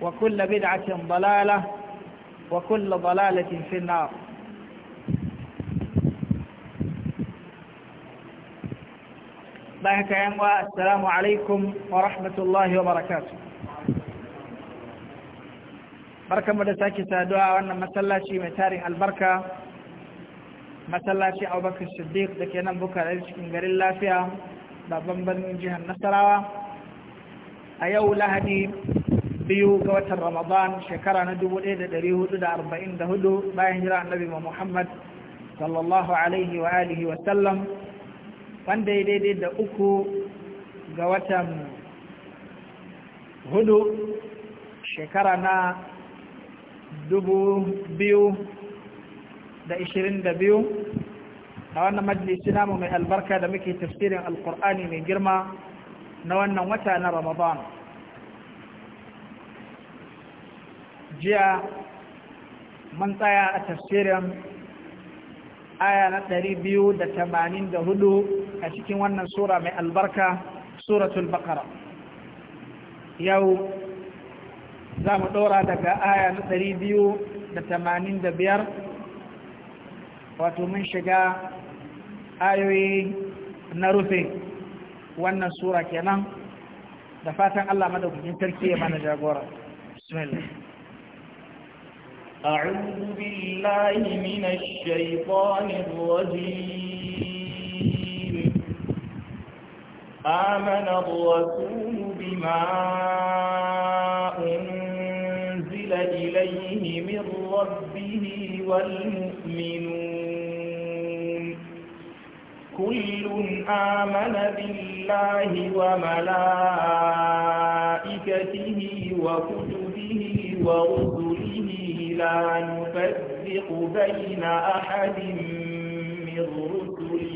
وكل بدعة ضلالة وكل ضلالة في النار السلام عليكم ورحمة الله وبركاته بركة مدساكي سادعا وانا مسلاشي متاري البركة مسلاشي أو بك الشديق دكي ننبكى لذلك انقر الله فيها بابن بن جهة النسراوة أيو لهدي biyu ga watan ramadan shekara na 1444 bayan jira annabi muhammad sallallahu alaihi wa alihi wa sallam wanda ya daidai da uku ga watan hudu shekara na dubu biyu da ishirin da biyu a wannan majalisi namu mai albarka da muke tafsirin alkur'ani mai girma na wannan wata na ramadan jiya mun tsaya a tafsirin aya na ɗari biyu da tamanin da hudu a cikin wannan sura mai albarka suratul baqara yau za mu ɗora daga aya na ɗari biyu da tamanin da biyar wato mun shiga ayoyi na rufe wannan sura kenan da fatan Allah madaukakin sarki ya mana jagora bismillah أعوذ بالله من الشيطان الرجيم آمن الرسول بما أنزل إليه من ربه والمؤمنون كل آمن بالله وملائكته وكتبه ورسله لا نفرق بين أحد من رسله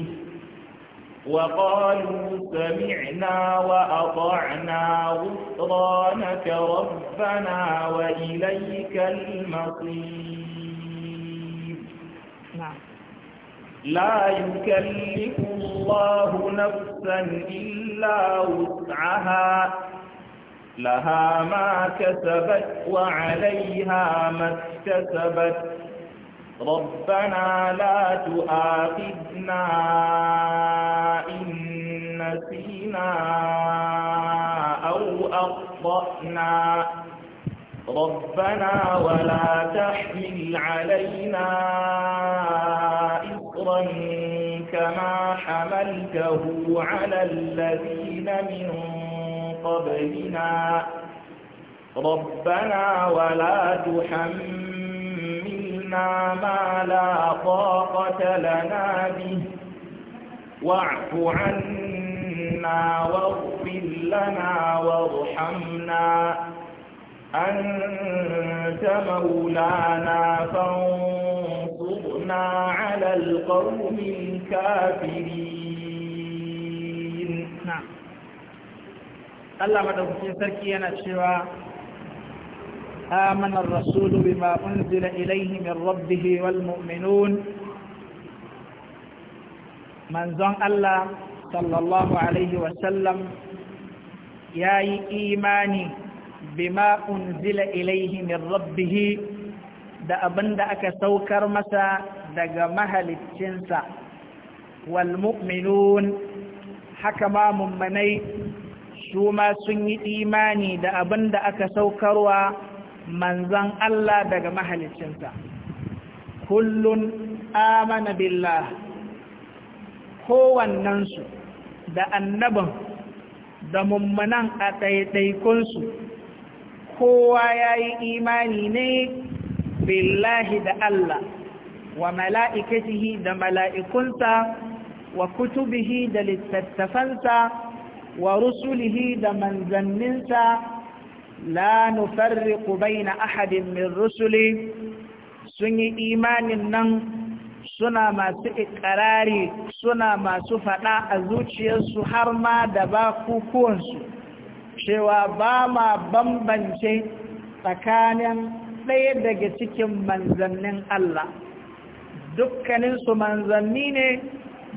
وقالوا سمعنا وأطعنا غفرانك ربنا وإليك المصير نعم. لا يكلف الله نفسا إلا وسعها لها ما كسبت وعليها ما اكتسبت ربنا لا تؤاخذنا إن نسينا أو أخطأنا ربنا ولا تحمل علينا إصرا كما حملته على الذين من قبلنا ربنا ولا تحملنا ما لا طاقة لنا به واعف عنا واغفر لنا وارحمنا أنت مولانا فانصرنا على القوم الكافرين Allah madaukakin sarki yana cewa آمن الرسول بما أنزل إليه من ربه والمؤمنون من زن الله صلى الله عليه وسلم يا إيماني بما أنزل إليه من ربه da abin da aka saukar masa daga mahaliccinsa walmu'minun haka ma mummanai su ma sun yi imani da abin da aka saukarwa manzan Allah daga mahalicinsa kullun amana billah kowannensu da annabin, da mummunan a ɗaiɗaikunsu kowa ya yi imani ne billahi da Allah wa mala'ikatihi da mala'ikunsa wa kutubihi da littattafansa wa rusulihi da manzanninsa la nufarriqu baina ahadin min rusuli sun yi imanin nan suna masu iƙirari suna masu faɗa a zuciyarsu har ma da ba kukuwansu cewa ba ma bambance tsakanin ɗaya daga cikin manzannin Allah dukkaninsu manzanni ne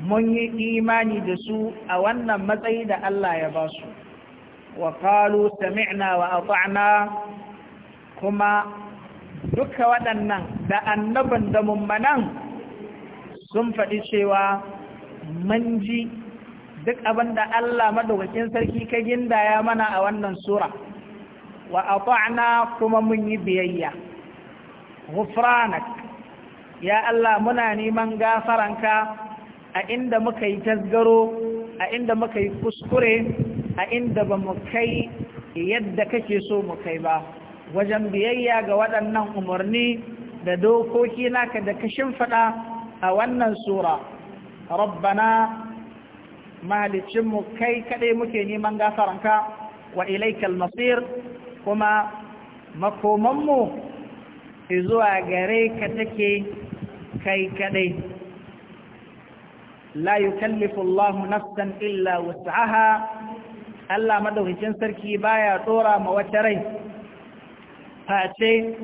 mun yi imani da su a wannan matsayi da Allah ya ba su wa qalu sami'na wa ata'na kuma duka waɗannan da annaban da mummanan sun faɗi cewa mun ji duk abin da Allah maɗaukakin sarki ka ginda ya mana a wannan sura wa ata'na kuma mun yi biyayya Gufranak, ya Allah muna neman gafaranka a inda muka yi tasgaro a inda muka yi kuskure a inda ba mu kai yadda kake so mu kai ba wajen biyayya ga waɗannan umarni da dokoki naka da kashin faɗa a wannan sura rabbana mu kai kaɗai muke neman gafaranka wa ilaikal masir kuma makomanmu zuwa gare ka take kai kaɗai la yukallifu Allahu nafsan illa wus'aha Allah madaukakin sarki baya tsora ma wata rai face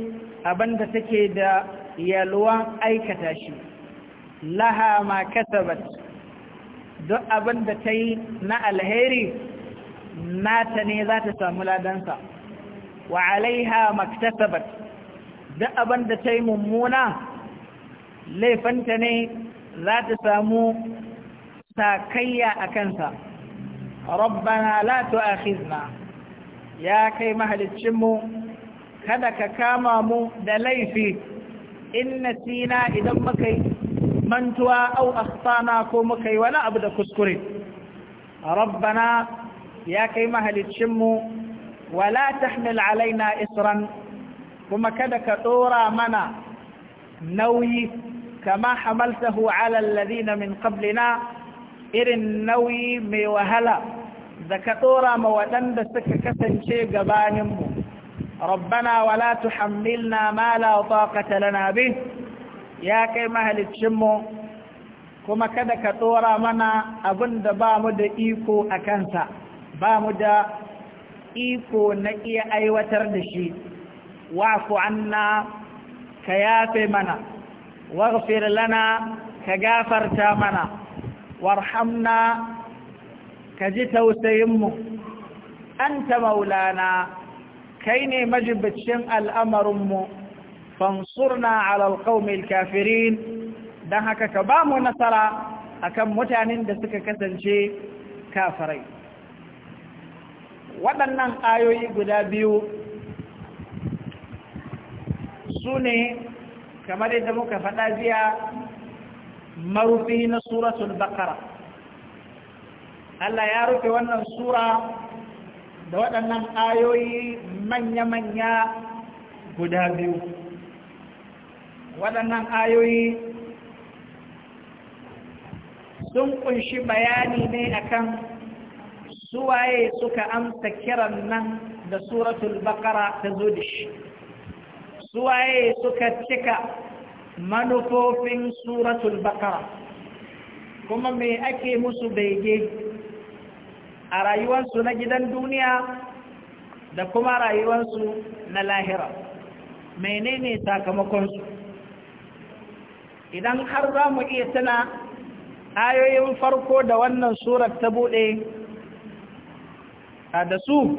abinda take da yalwa aikata shi laha ma kasabat duk abinda ta na alheri nata ne za ta samu ladansa wa alaiha maktasabat duk abinda ta mummuna laifanta ne za ta samu تاكيا أكنسا ربنا لا تؤاخذنا يا كي مهل الشم كذا كامام دليفي إن نسينا إذا مكي منتوا أو أخطانا كومكي ولا أبدا كسكري ربنا يا كي مهل الشم ولا تحمل علينا إسرا كما كذا كتورا منا نوي كما حملته على الذين من قبلنا irin nauyi mai wahala da ka ɗora ma waɗanda suka kasance gabaninmu rabbana wala tuhammilna ma la taqata lana bi ya kai mahaliccinmu kuma kada ka ɗora mana abin da ba mu da iko a kansa ba mu da iko na iya aiwatar da shi wa anna ka yafe mana wa lana ka gafarta mana warhamna ka ji tausayinmu anta maulana kai ne majibicin al'amarinmu fansurna alal qaumil kafirin don haka ka ba mu nasara kan mutanen da suka kasance kafirai waɗannan ayoyi guda biyu su ne kamar yadda muka faɗa jiya marufi na suratul bakara Allah ya rufe wannan sura da waɗannan ayoyi manya-manya guda biyu waɗannan ayoyi sun kunshi bayani ne akan suwaye suka amsa kiran nan da suratul bakara ta zo da shi suwaye suka cika manufofin suratul bakara kuma me ake musu bege a rayuwarsu na gidan duniya da kuma rayuwarsu na lahira menene sakamakonsu idan har za mu iya tana ayoyin farko da wannan surat ta buɗe da su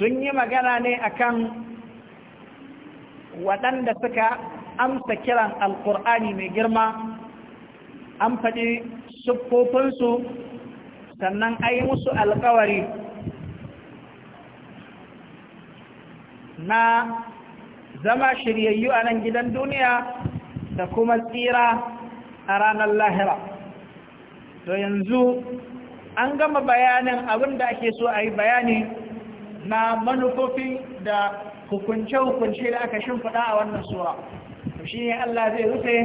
sun yi magana ne akan waɗanda suka amsa kiran alkur'ani mai girma an faɗi siffofinsu sannan a musu alkawari na zama shiryayyu a nan gidan duniya da kuma tsira a ranar lahira to yanzu an gama bayanin abin da ake so a yi bayani na manufofi da hukunce-hukunce da aka shimfiɗa a wannan sura. to shi ne Allah zai rufe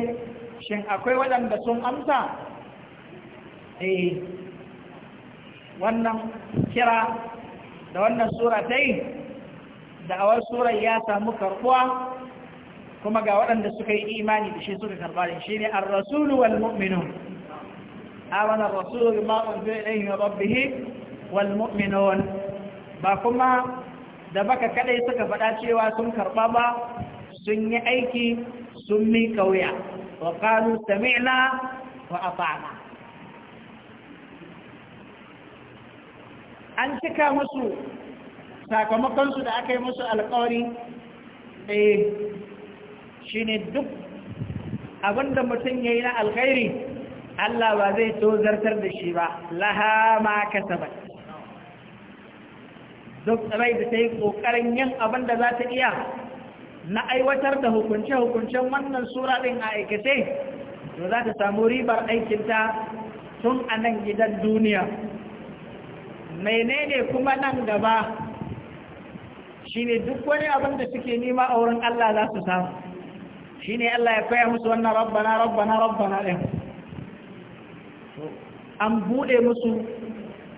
shin akwai waɗanda sun amsa eh wannan kira da wannan sura ta yi da'awar surar ya samu karɓuwa kuma ga waɗanda suka yi imani da shi suka karɓa shi ne ar-rasulu wal mu'minun آمن الرسول بما أنزل إليه من Ba kuma da baka كدي suka faɗa cewa sun karɓa ba sun yi aiki sun mi wuya wa sami'na wa afa'na an cika musu sakamakonsu da aka yi musu alƙawari ɗaya eh, shi ne duk abinda mutum ya yi na alkhairi Allah ba zai tozartar da shi ba laha ma ba duk rai da ta yi ƙoƙarin yin abin da za ta iya na aiwatar da hukunce-hukuncen wannan sura ɗin a aikace to za ta samu ribar aikinta tun a nan gidan duniya menene kuma nan gaba shi ne duk wani abin da suke nima a wurin Allah za su samu shi ne Allah ya kwaya musu wannan rabbana rabbana rabbana ɗin an buɗe musu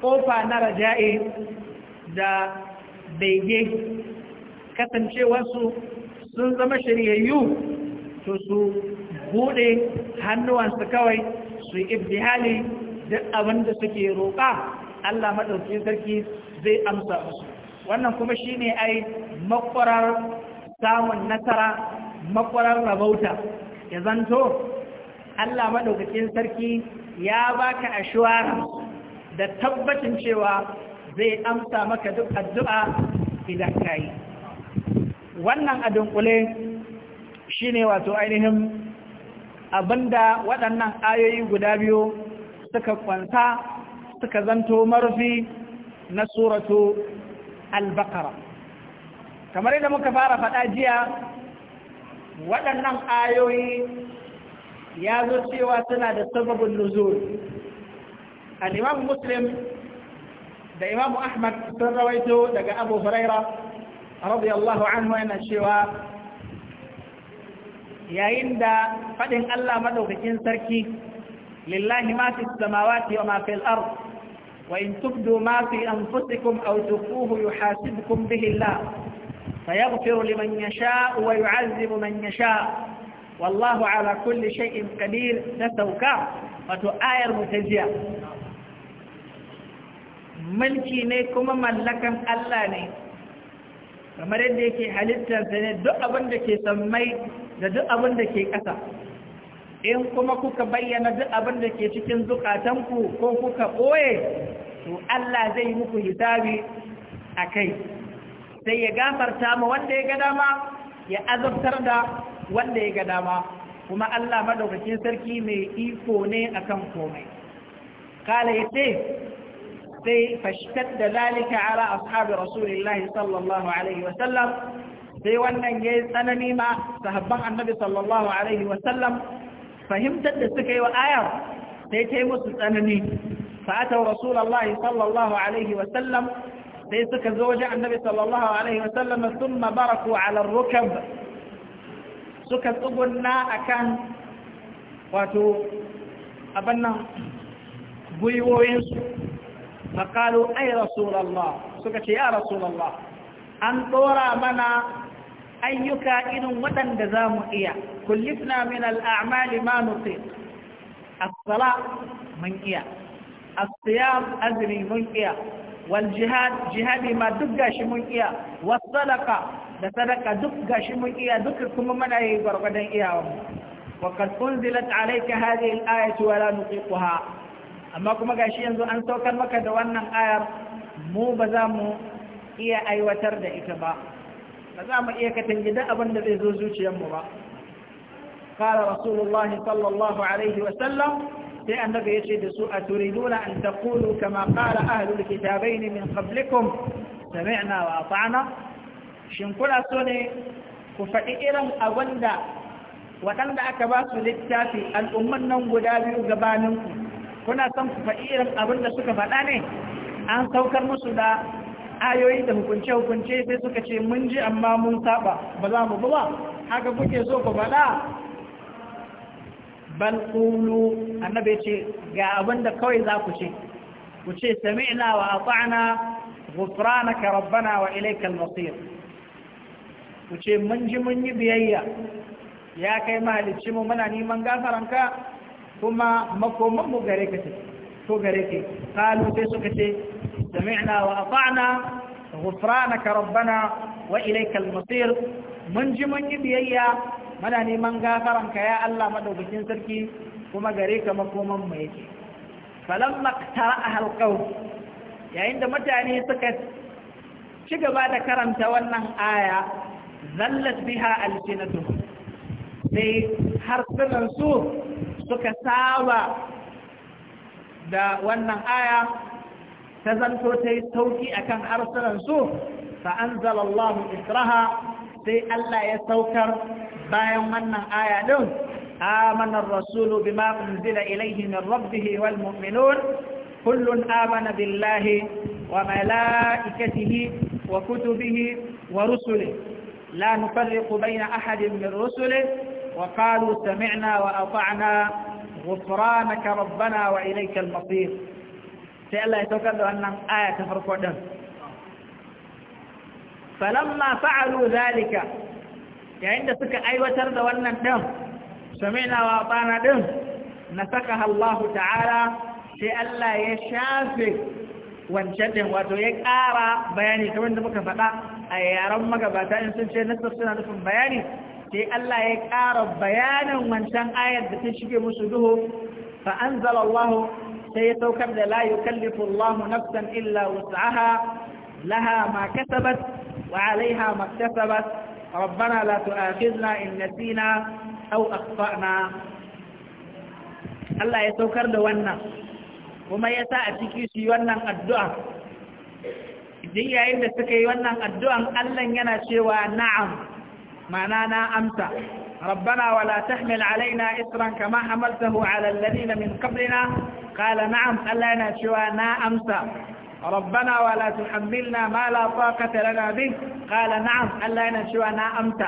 ƙofa na raja'i da daige kasancewarsu sun zama shiryayyu to su buɗe hannuwansu kawai su ibdihali duk abin da suke roƙa Allah maɗauki sarki zai amsa musu wannan kuma shi ne ai makwarar samun nasara makwarar rabauta ya zanto Allah maɗaukakin sarki ya baka ashuwar da tabbacin cewa zai amsa maka duk addu'a idan ka yi wannan a dunkule shi ne wato ainihin abinda waɗannan ayoyi guda biyu suka kwanta suka zanto marufi na suratu albakara kamar yadda muka fara faɗa jiya waɗannan ayoyi ya zo cewa suna da sababin luzuri al muslim da imam ahmad sun rawaito daga abu huraira رضي الله عنه ان شوا يا عند فدين الله مدوكين سركي لله ما في السماوات وما في الارض وان تبدوا ما في انفسكم او تخفوه يحاسبكم به الله فيغفر لمن يشاء ويعذب من يشاء والله على كل شيء قدير تسوكا وتؤير آية متزيا ملكي نيكم ملكا الله نيكم kamar yadda yake halittarsa ne duk abin da ke sammai da duk abin da ke ƙasa in kuma kuka bayyana duk abin da ke cikin zukatanku ko kuka ɓoye to Allah zai muku hisabi a kai sai ya gafarta ma wanda ya ga dama ya azabtar da wanda ya ga dama kuma Allah madaukakin sarki mai iko ne akan komai kala yace sai fashtadda zalika ala ashabi rasulillahi sallallahu alaihi wa sai wannan yayi tsanani ma sahabban annabi sallallahu alaihi wa fahimtar da suka yi wa ayar sai ta yi musu tsanani fa ata rasulullahi sallallahu alaihi wa sai suka zo wajen annabi sallallahu alaihi wa sun thumma baraku ala rukab suka tsugunna a kan wato abannan gwiwoyinsu فقالوا أي رسول الله سكت يا رسول الله أن طورا منا أيك إن ودن دزام إيا كلفنا من الأعمال ما نطيق الصلاة من إيا الصيام أزري من إيا والجهاد جهادي ما دقاش من إيا والصدقة da sadaka duk gashi mun iya duk kuma muna yi gwargwadon iyawa وقد أنزلت عليك هذه الآية ولا نطيقها amma kuma gashi yanzu an saukar maka da wannan ayar mu ba za mu iya aiwatar da ita ba ba za mu iya katangida abin da zai zo zuciyarmu ba qala rasulullahi sallallahu alaihi wa sallam sai annabi yace da su nuna an taqulu kama qala ahlul kitabaini min qablikum sami'na wa ata'na shin kuna so ne ku faɗi irin abin da waɗanda aka ba su littafi al'umman nan guda biyu gabaninku kuna san ku faɗi irin abin da suka faɗa ne an saukar musu da ayoyi da hukunce-hukunce sai suka ce mun ji amma mun saba ba za mu ba haka kuke so ku faɗa bal qulu annabi ce ga abin da kawai za ku ce ku ce sami'na wa ata'na ghufranaka rabbana wa ilayka al-masir ku ce mun ji mun yi biyayya ya kai mahalicci mu muna neman gafaranka kuma makoman mu gare ka ko gare ke, qalu sai suka ce sami'na wa ata'na ghufranaka rabbana wa ilayka al-masir mun ji mun yi biyayya mana neman gafaranka ya Allah madaukakin sarki kuma gare ka makoman mu yake falamma qtara'aha al-qaw yayin da mutane suka ci gaba da karanta wannan aya zallat biha al sai har sunan su suka saba da wannan aya ta zanto ta yi sauki a kan harsunansu fa'anzalallahu israha sai Allah ya saukar bayan wannan aya ɗin amanar rasulu bima unzila ilaihi min rabbihi wal mu'minun kullun amana billahi wa mala'ikatihi wa kutubihi wa rusule la nufarriqu bayna ahadin min rusule وقالوا سمعنا وأطعنا غفرانك ربنا وإليك المصير سألا يتوكل أن آية تفرق دم فلما فعلوا ذلك عند سك أي وترد وأن الدم سمعنا وأطعنا دم نسكها الله تعالى سألا يشافي wancan wato ya ƙara bayani kamar da muka faɗa a yaran magabata in sun ce nasar suna nufin bayani sai Allah ya ƙara bayanin wancan ayar da ta shige musu duhu fa anzalallahu sai ya saukar da la yukallifu Allahu nafsan illa wus'aha laha ma kasabat wa 'alayha ma iktasabat rabbana la tu'akhidna in nasina aw akhtana Allah ya saukar da wannan kuma ya sa a ciki shi wannan addu'a idan yayin da suka yi wannan addu'an Allah yana cewa na'am معنانا أنا أمسى ربنا ولا تحمل علينا إسرا كما حملته على الذين من قبلنا قال نعم ألا نشوى نا أمسى ربنا ولا تحملنا ما لا طاقة لنا به قال نعم ألا نشوى نا أمسى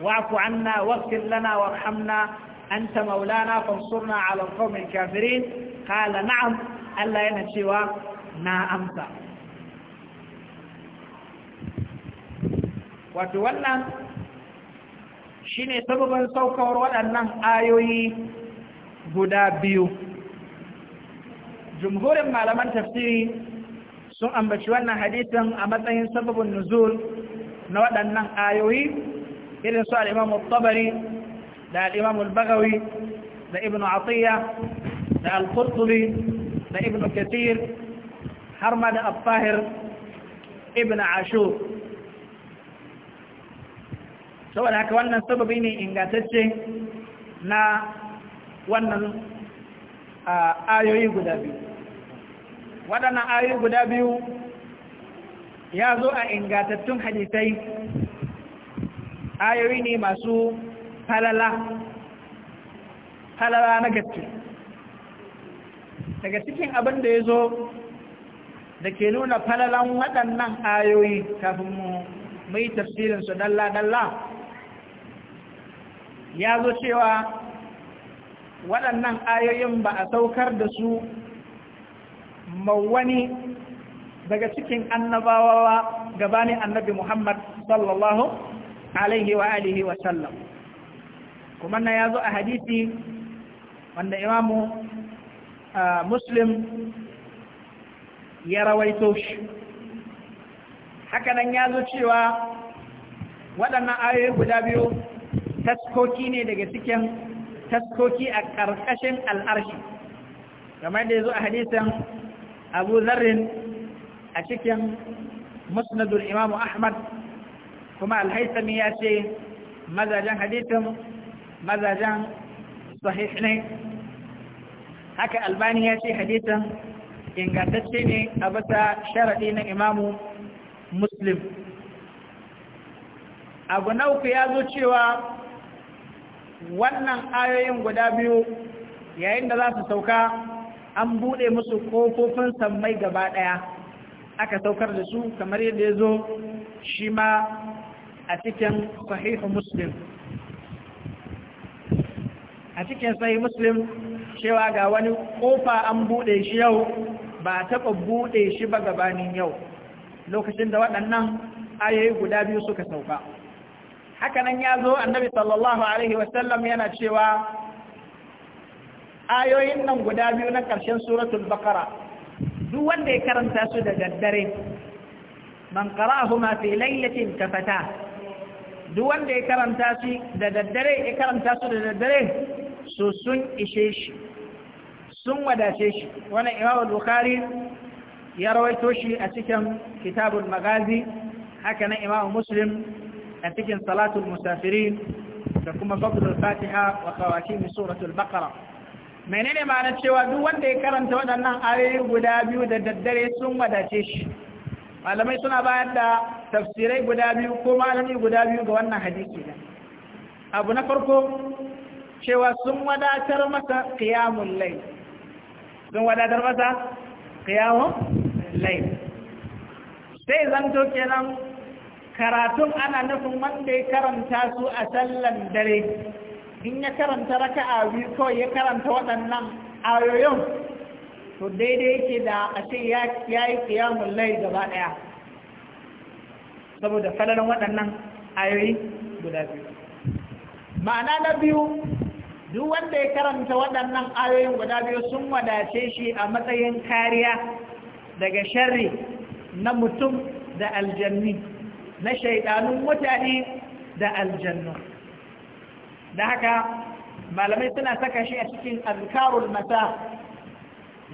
واعف عنا واغفر لنا وارحمنا أنت مولانا فانصرنا على القوم الكافرين قال نعم ألا نشوى نا أمسى وتولى shine sababin saukawar waɗannan ayoyi guda biyu jumhurin malaman tafsiri sun ambaci wannan hadisin a matsayin sababin nuzul na waɗannan ayoyi irin su al'imamu tabari da al'imamu bagawi da ibn atiyya da al-qurtubi da ibn kathir har ma da al ibn ashur saboda haka wannan sababi ne ingantacce na wannan ayoyi guda biyu waɗannan ayoyi guda biyu ya zo a ingantattun hadisai ayoyi ne masu falala falala na gaske daga cikin abin da ya zo da ke nuna falalan waɗannan ayoyi kafin mu mai tafsirinsu dalla-dalla ya zo cewa waɗannan ayoyin ba a saukar da su mawani daga cikin annabawa gabanin annabi Muhammad sallallahu alaihi wa alihi wa sallam kuma na ya zo a hadisi wanda imamu muslim ya rawaito shi hakanan ya zo cewa waɗannan ayoyi guda biyu taskoki ne daga cikin taskoki a ƙarƙashin al'arshi kamar da ya zo a hadisan abu zarrin a cikin musnadul imamu ahmad kuma alhaisami ya ce mazajen hadisin mazajen sahih ne haka albani ya ce hadisin ingantacce ne a bata sharaɗi na imamu muslim abu na uku ya zo cewa wannan ayoyin guda biyu yayin da za su sauka an buɗe musu ƙofofin sammai gaba ɗaya aka saukar da su kamar yadda ya zo shi ma a cikin sahihu muslim a cikin sahihu muslim cewa ga wani ƙofa an buɗe shi yau ba taɓa buɗe shi ba gabanin yau lokacin da waɗannan ayoyi guda biyu suka sauka hakanan ya zo annabi sallallahu alaihi wasallam yana cewa ayoyin nan guda biyu na ƙarshen suratul bakara duk wanda ya karanta su da daddare man qara'ahuma fi laylatin kafata duk wanda ya karanta su da daddare ya karanta su da daddare su sun ishe shi sun wadace shi Wani imam bukhari ya rawaito shi a cikin kitabul magazi haka na imam muslim a cikin salatul musafirin da kuma fadlul fatiha wa khawatim suratul baqara menene ma'anar cewa duk wanda ya karanta waɗannan ayoyi guda biyu da daddare sun wadace shi malamai suna bayar da tafsirai guda biyu ko malami guda biyu ga wannan hadisi da abu na farko cewa sun wadatar masa qiyamul layl sun wadatar masa qiyamul layl sai zan zanto kenan karatun ana nufin wanda ya karanta su a sallan dare in ya karanta raka biyu kawai ya karanta waɗannan ayoyin to daidai yake da a ce ya yi kiyamun lai gaba ɗaya saboda falalan waɗannan ayoyi guda biyu ma'ana na biyu duk wanda ya karanta waɗannan ayoyin guda biyu sun wadace shi a matsayin kariya daga sharri na mutum da aljanni na shaidanun mutane da aljannu da haka malamai suna saka shi a cikin azkarul mata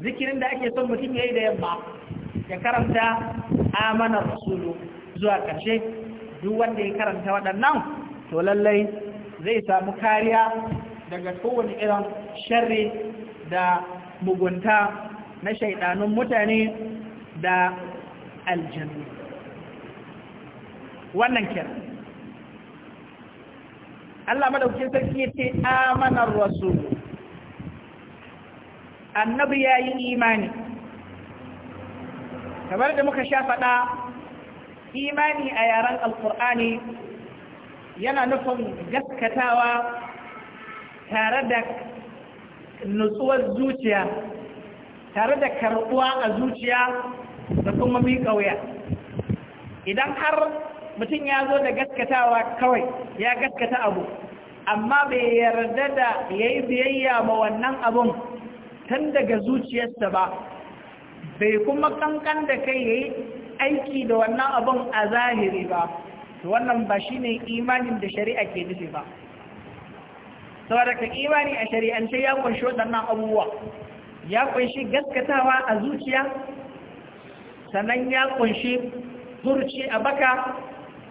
zikirin da ake son mutum ya yi da yamma ya karanta amanar rasulu zuwa ƙarshe duk wanda ya karanta waɗannan to lallai zai samu kariya daga kowane irin sharri da mugunta na shaidanun mutane da aljannu wannan kenan Allah madaukakin sarki ya ce amanar rasul annabi ya yi imani kamar da muka sha faɗa imani a yaren alkur'ani yana nufin gaskatawa tare da nutsuwar zuciya tare da karɓuwa a zuciya da kuma miƙa wuya idan har mutum ya zo da gaskatawa kawai ya gaskata abu amma bai yarda da ya yi biyayya ma wannan abun tun daga zuciyarsa ba bai kuma kankan da kai ya yi aiki da wannan abun a zahiri ba wannan ba shi ne imanin da shari'a ke nufi ba saboda ka imani a shari'ance ya kunshi waɗannan abubuwa ya kunshi gaskatawa a zuciya sannan ya kunshi zurci a baka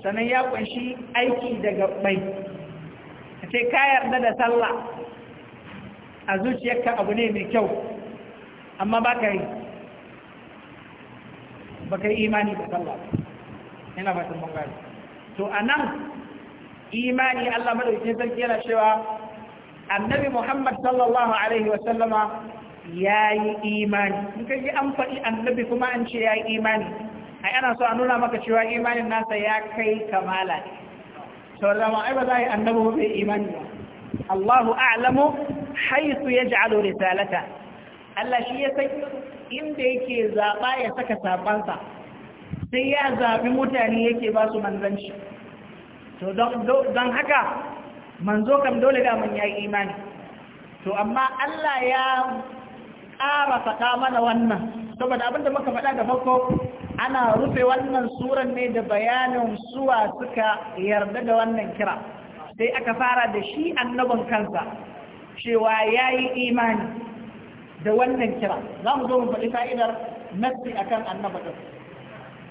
sannan ya kunshi aiki daga mai, a ce ka yarda da sallah a zuciyarka abu ne mai kyau amma ba ka yi ba ka yi imani da sallah yana fatan bangare to a nan imani Allah madaukakin sarki yana cewa annabi Muhammad sallallahu alaihi wa sallama yi imani in kaji an faɗi annabi kuma an ce yi imani a ana so a nuna maka cewa imanin nasa ya kai kamala ne to da ba za a yi annabi ba bai imani ba Allahu a'lamu haythu yaj'alu risalata Allah shi ya san inda yake zaba ya saka sabansa sai ya zabi mutane yake ba su manzanci to don haka manzo kam dole da mun yi imani to amma Allah ya ƙara faɗa mana wannan saboda abinda muka faɗa da farko ana rufe wannan suran ne da bayanin suwa suka yarda da wannan kira sai aka fara da shi annabin kansa cewa ya yi imani da wannan kira za mu zo mu faɗi fa'idar nassi a kan annaba ɗin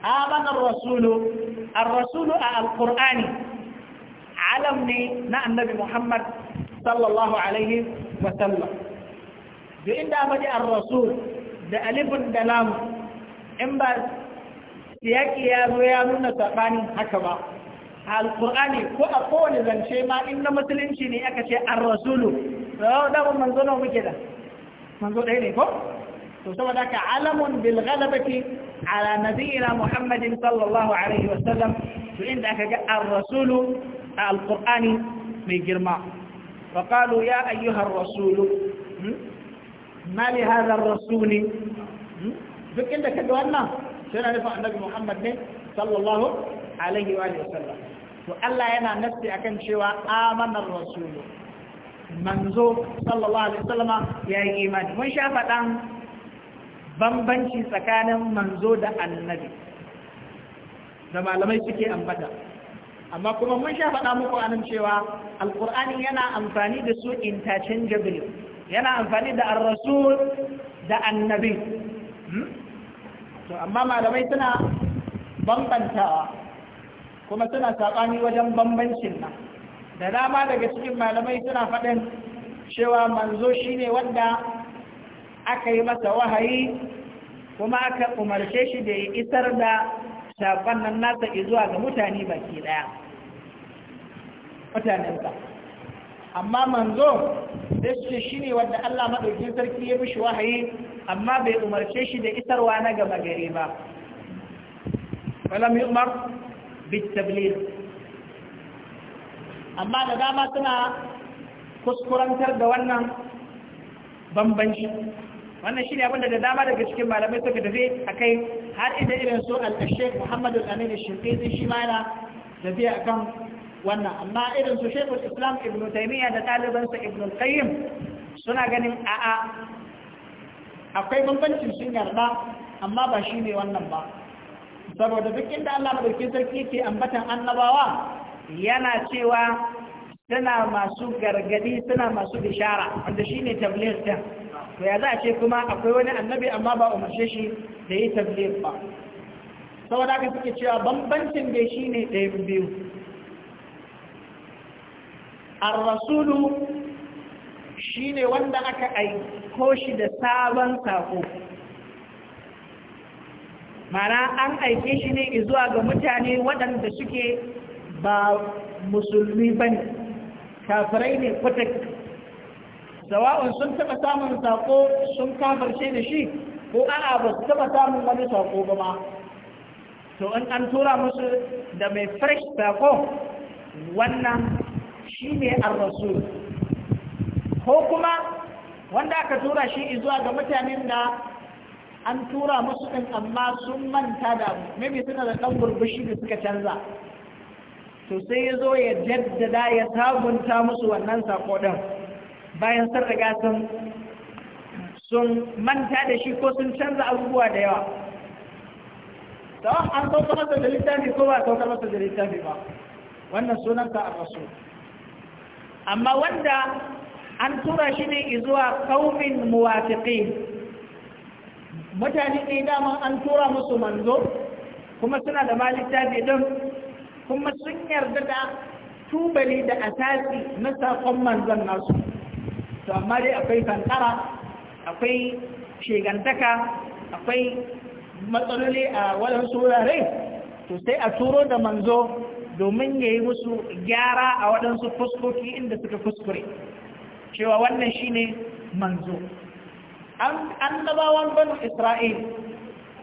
amana rasulu ar-rasulu a alƙur'ani alam ne na annabi muhammad sallallahu alaihi wa sallam da inda faɗi ar-rasul da alifin da lamu in ba yaƙi ya zo ya nuna saɓanin haka ba alƙur'ani ko a kowane zance ma in na musulunci ne aka ce an rasulu da damar manzo nawa muke da manzo ɗaya ne ko to saboda ka alamun bil ghalabati ala nabiyina muhammadin sallallahu alaihi wa sallam to inda aka ga an rasulu a alƙur'ani mai girma wa qalu ya ayyuhar rasulu hmm? ma li hadha ar-rasuli hmm? duk inda kaga wannan to yana nufin annabi Muhammad ne sallallahu alaihi wa sallam to Allah yana nasti akan cewa amanar rasulu manzo sallallahu alaihi wasallam ya yi imani mun sha faɗan bambanci tsakanin manzo da annabi da malamai suke ambata amma kuma mun sha faɗa muku anan cewa alkur'ani yana amfani da su interchangeably yana amfani da ar-rasul da annabi hmm? to amma malamai suna bambantawa kuma suna saɓani wajen bambancin nan da dama daga cikin malamai suna faɗin cewa manzo shi ne wanda aka yi masa wahayi kuma aka umarce shi da ya isar da saƙon nan nasa zuwa ga mutane baki ɗaya amma manzo da shi shi ne wanda Allah madaukin sarki ya mishi wahayi amma bai umarce shi da isarwa na gaba gare ba falam yu'mar bit tabligh amma da dama suna kuskurantar da wannan bambanci wannan shi ne abinda da dama daga cikin malamai suka tafi kai har inda irin so al-Sheikh muhammadu al-Amin al-Shinqiti shi ma yana tafiya akan wannan amma irin su shekul islam ibn taimiyya da ɗalibansa ibn qayyim suna ganin a'a akwai bambancin sun yarda amma ba shi ne wannan ba saboda duk inda Allah madaukin sarki ke ambatan annabawa yana cewa suna masu gargadi suna masu bishara wanda shi ne tablir ɗin to ya za a ce kuma akwai wani annabi amma ba umarce shi da yi tablir ba saboda haka suke cewa bambancin da shi ne ɗaya biyu ar-rasulu shine wanda aka aiko shi da sabon sako mana an aike shi ne zuwa ga mutane waɗanda suke ba musulmi bane kafirai ne kwatak zawa'un sun taɓa samun sako sun kafarce da shi ko a'a ba su taɓa samun wani sako ba ma to in an tura musu da mai fresh sako wannan ne a rasul ko kuma wanda aka tura shi izuwa ga mutanen da an tura musu ɗin amma sun manta da maybe suna da ɗan burbushi da suka canza to sai ya zo ya jaddada ya sabunta musu wannan sako ɗin bayan sun riga sun sun manta da shi ko sun canza abubuwa da yawa tsawon an sauka masa da littafi ko ba sauka masa da littafi ba wannan sunanta a rasu. amma wanda an tura shi ne zuwa kaumin muwafiƙi mutane ne dama an tura musu manzo kuma suna da malittafi don kuma sun yarda da tubali da asasi na saƙon manzon nasu to amma dai akwai kankara akwai shegantaka akwai matsaloli a wadansu wurare to sai a turo da manzo domin ya yi musu gyara a waɗansu fuskoki inda suka kuskure cewa wannan shine manzo annabawan banu isra'il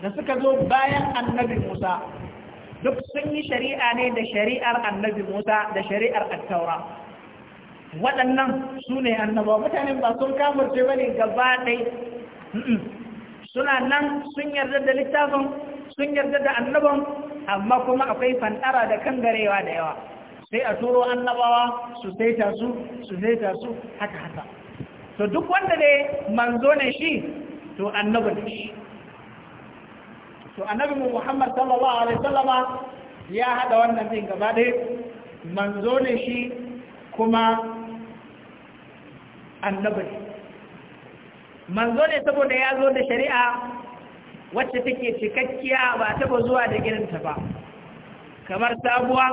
da suka zo bayan annabi musa duk sun yi shari'a ne da shari'ar annabi musa da shari'ar attaura waɗannan su ne annabawa mutane ba sun kamurce ba ne gaba ɗai suna nan sun yarda da littafin sun yarda da annaban amma kuma akwai fantara da kangarewa da yawa sai a turo annabawa su saita su su saita su haka haka to duk wanda dai manzo ne shi to annabi ne shi to annabi Muhammad sallallahu alaihi wasallama ya hada wannan din gaba ɗaya manzo ne shi kuma annabi manzo ne saboda ya zo da shari'a wacce take cikakkiya ba taba zuwa da irinta ba kamar sabuwa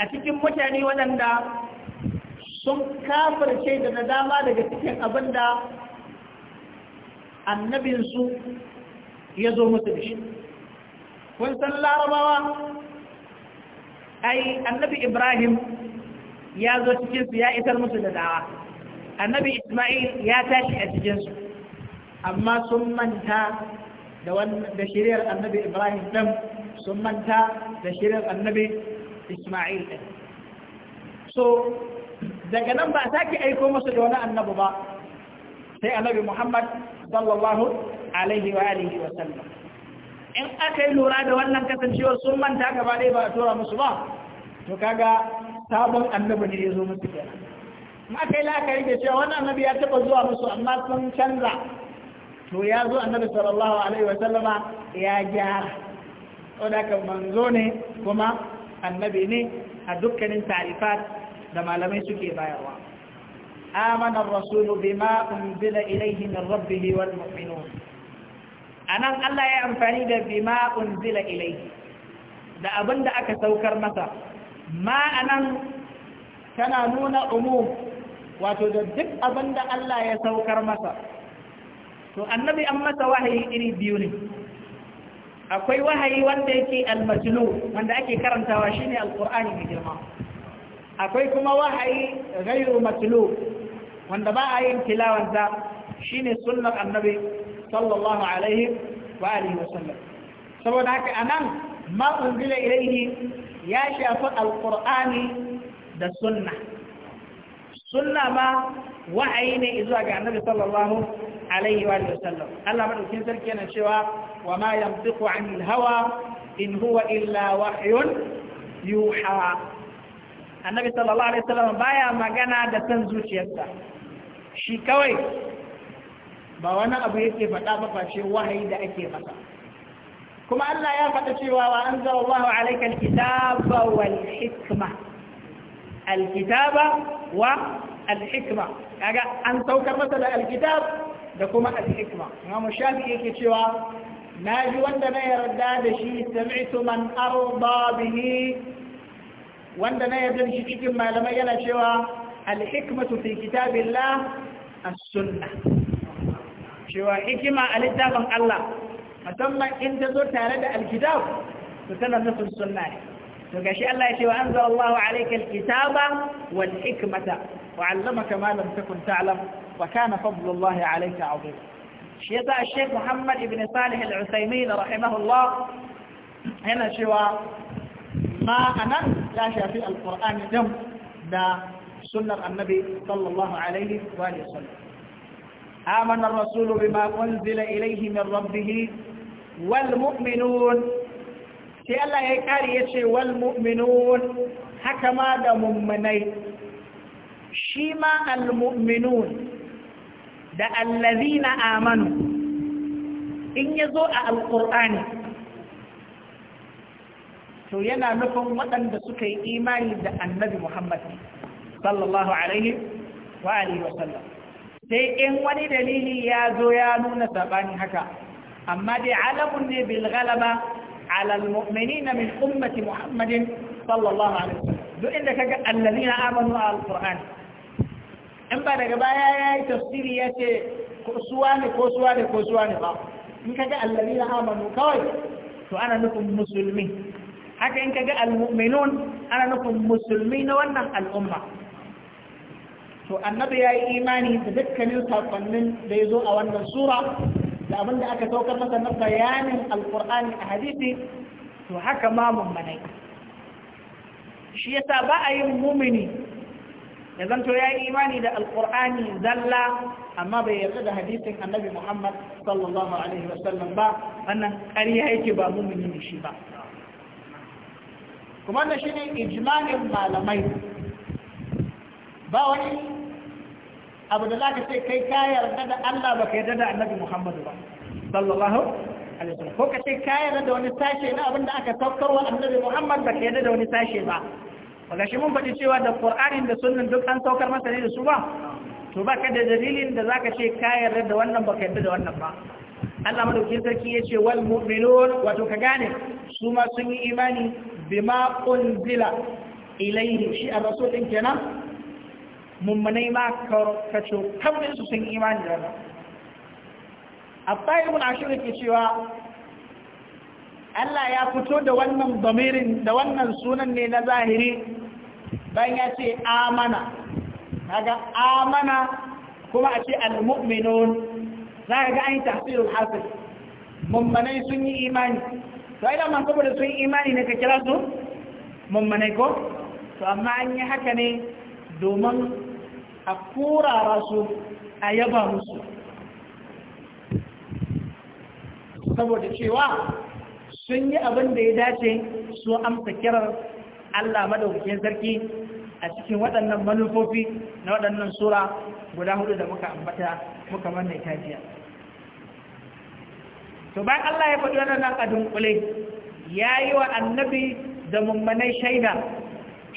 a cikin mutane waɗanda sun kafarce da dama daga cikin abin da annabinsu ya zo musu da shi kun san larabawa ai annabi ibrahim ya zo cikinsu ya isar musu da dawa annabi ismail ya tashi a cikinsu amma sun manta da shiriyar annabi ibrahim ɗin sun manta da shiriyar annabi isma'il ɗin so daga nan ba a sake aiko masu da wani annabu ba sai annabi muhammad sallallahu alaihi wa alihi wa sallam in aka yi lura da wannan kasancewar sun manta gaba ɗaya ba a tura musu ba to kaga sabon annabi ne ya zo musu kenan ma kai la'akari da cewa wannan annabi ya taɓa zuwa musu amma sun canza to ya zo annabi sallallahu alaihi wa sallama ya gyara saboda manzo ne kuma annabi ne a dukkanin ta'rifat da malamai suke bayarwa amana ar-rasul bima unzila ilayhi min rabbih wal mu'minun anan Allah ya amfani da bima unzila ilayhi da abinda aka saukar masa ma anan tana nuna umum wato da duk abinda Allah ya saukar masa to annabi an masa wahayi iri biyu ne akwai wahayi wanda yake almajnu wanda ake karantawa shine alqur'ani mai girma akwai kuma wahayi ghairu matlu wanda ba a yin tilawanta shine sunnar annabi sallallahu alaihi wa alihi wa sallam saboda haka anan ma unzila ilayhi ya shafi alqur'ani da sunna sunna ma wahayi ne zuwa ga annabi sallallahu alaihi wa sallam Allah madaukin sarki yana cewa wa ma yamtiqu anil hawa in huwa illa wahyun yuha annabi sallallahu alaihi wasallam baya magana da san zuciyarsa shi kawai ba wani abu yake faɗa ba face wahayi da ake masa kuma Allah ya faɗa cewa wa anzalallahu alayka alkitaba wal hikma alkitaba wa alhikma kaga an saukar masa da alkitab da kuma al-hikma imamu shafi yake cewa na wanda na yarda da shi sami'tu man arda bihi wanda na yarda da shi cikin malamai yana cewa al-hikmatu fi kitabillah as-sunnah cewa hikima a littafin Allah musamman in ta zo tare da alkitab to tana nufin sunna ne فكاشي الله يتوى وأنزل الله عليك الكتاب والحكمة وعلمك ما لم تكن تعلم وكان فضل الله عليك عظيم شيطاء الشيخ محمد بن صالح العثيمين رحمه الله هنا شوى ما أنا لا شيء في القرآن جم دا سنة النبي صلى الله عليه وآله وسلم آمن الرسول بما أنزل إليه من ربه والمؤمنون sai Allah ya kari ya ce wal mu'minun haka ma da mummunai shi ma al mu'minun da allazina amanu in ya zo a alƙur'ani to yana nufin waɗanda suka yi imani da annabi Muhammad sallallahu alaihi wa alihi wasallam sai in wani dalili ya zo ya nuna saɓani haka amma dai alamun ne bilgalaba على المؤمنين من أمة محمد صلى الله عليه وسلم duk inda kaga allazina amanu a alquran in ba daga baya yayi tafsiri yace ko suwa ne ko suwa ne ko suwa ne ba in kaga allazina amanu kawai to ana nufin musulmi haka in kaga almu'minun ana nufin musulmi na wannan al'umma to annabi yayi imani da dukkanin sakonnin da zo a wannan sura da abin da aka saukar masa na bayanin alkur'ani a hadisi to haka ma mummanai shi yasa ba a yin mumini ya zanto ya yi imani da alkur'ani zalla amma bai yarda da hadisin annabi muhammad sallallahu alaihi wasallam ba wannan ƙarya yake ba mumini ne shi ba kuma da shi ne ijmanin malamai ba wani abu da zaka ce kai ka yarda da Allah baka yarda da Annabi Muhammadu ba sallallahu alaihi wasallam ko ka ce ka yarda da wani sashe na abin da aka saukar wa Annabi Muhammad baka yarda da wani sashe ba wanda shi mun faɗi cewa da Qur'anin da Sunnan duk an saukar masa ne da su ba to ba ka da dalilin da zaka ce ka yarda da wannan baka yarda da wannan ba Allah madaukakin sarki ya ce wal mu'minun wato ka gane su ma sun yi imani bima unzila ilayhi shi a rasul din kenan Mummanai ma kace kamnin su sun imani da wannan abba ibn shirya ke cewa Allah ya fito da wannan domirin da wannan sunan ne na zahiri bayan ya ce amana daga amana kuma a ce al-mu'minun za ka ga an yi tafsirul hasil Mummanai sun yi imani to ai dama saboda sun yi imani ne ka kira su mummanai ko to amma an yi haka ne domin a kurara su a yaba musu saboda cewa sun yi abin da ya dace su amsa kirar Allah madaukakin sarki a cikin waɗannan manufofi na waɗannan sura guda hudu da muka ambata muka manna jiya. to bayan Allah ya faɗi waɗannan a dunkule ya yi wa annabi da mummanai shaida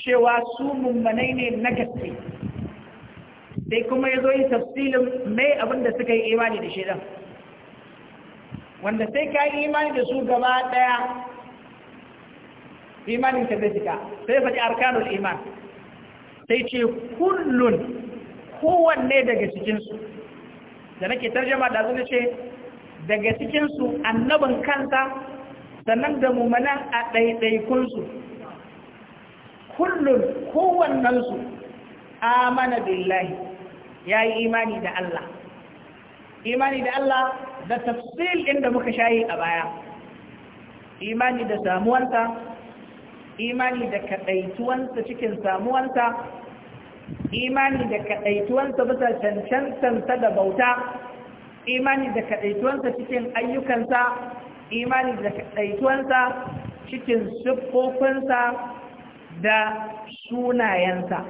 cewa su mummanai ne na gaske sai kuma ya zo yi tafsilin mai abinda suka yi imani da shaidan wanda sai ka yi imani da su gaba ɗaya imanin ta zai sai faɗi arkanul iman sai ce kullun kowanne daga cikinsu da nake tarjama da zuwa ce daga cikinsu annabin kansa sannan da mumanan a ɗaiɗaikunsu kullun kowannensu amana billahi ya yi imani da Allah imani da Allah da tafsil inda muka shayi a baya imani da samuwarsa imani da kaɗaituwansa cikin samuwarsa imani da kaɗaituwansa bisa cancantansa da bauta imani da kaɗaituwansa cikin ayyukansa imani da kaɗaituwansa cikin siffofinsa da sunayensa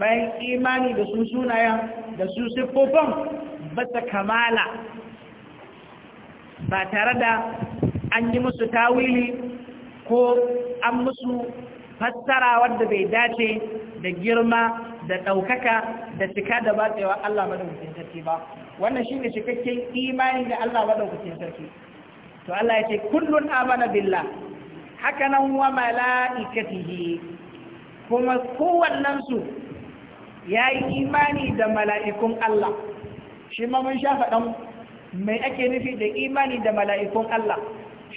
bayan imani da su sunayen da su siffofin ba ta kamala ba tare da an yi musu tawili ko an musu fassara wadda bai dace da girma da ɗaukaka da cika da batsewa Allah madaukakin sarki ba wannan shi ne cikakken imani da Allah madaukakin sarki to Allah ya ce kullun amana billah haka nan wa mala'ikatihi kuma kowannensu ya yi imani da mala'ikun Allah shi ma mun sha faɗan mai ake nufi da imani da mala'ikun Allah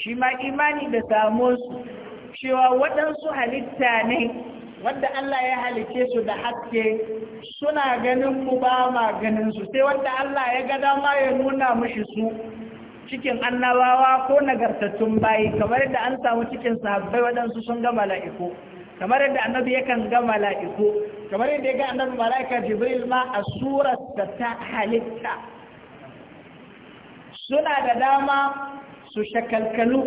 shi ma imani da samunsu cewa waɗansu halitta ne wadda Allah ya halice su da haske suna ganin mu ba ma ganin su sai wadda Allah ya ga dama ya nuna mushi su cikin annabawa ko nagartattun bayi kamar yadda an samu cikin sahabbai waɗansu sun ga mala'iku kamar yadda annabi yakan ga mala'iku kamar yadda ya ga annabi malaika jibril ma a surar da ta halitta suna da dama su shakalkalu